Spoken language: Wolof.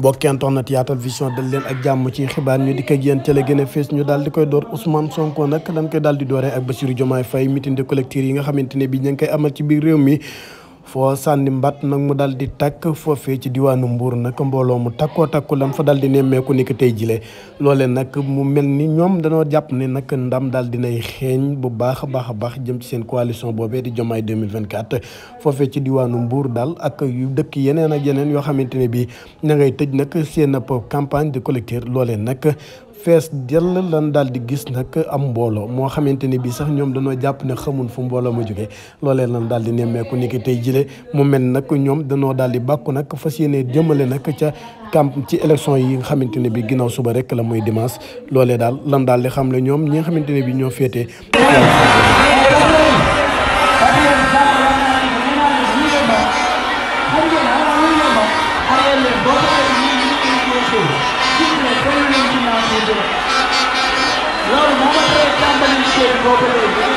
mbokki internet yaatal vision dal leen ak jàmm ci xibaar ñu dikk ak yéen ca la gën a fees ñu daal di koy door Ousmane Sonko nag dañ koy daal di dooree ak Bassirou Diomaye Faye meeting de yi nga xamante ne bi ñu ngi koy amal ci biir réew mi foo sànni mbat nag mu dal di takk foofee ci diwaanu mbuur nag mbooloo mu takkoo takku lan fa dal di nemmeeku ni ko tey jile loole nag mu mel ni ñoom danoo jàpp ne nag ndam daal dinay xeeñ bu baax a baax a baax jëm ci seen coalition boobee di Diomaye 2024 foofee ci diwaanu mbuur daal ak yu dëkk yeneen ak yeneen yoo xamante ne bi na ngay tëj nag seen ab campagne de collecteur loole nag fees dell lan daal di gis nag am mbooloo moo xamante ni bii sax ñoom dañoo jàpp ne xamun fu mbooloo ma jóge loolee lan daal di nemmeeku ni tey jile mu mel nag ñoom dañoo daal di bàkku nag fas yéene jëmale nag ca camp ci élection yi nga xamante ne bi ginnaaw suba rek la muy dimanche loolee daal lan daal di xam le ñoom ñi nga xamante ne bi ñoo féetee Shit,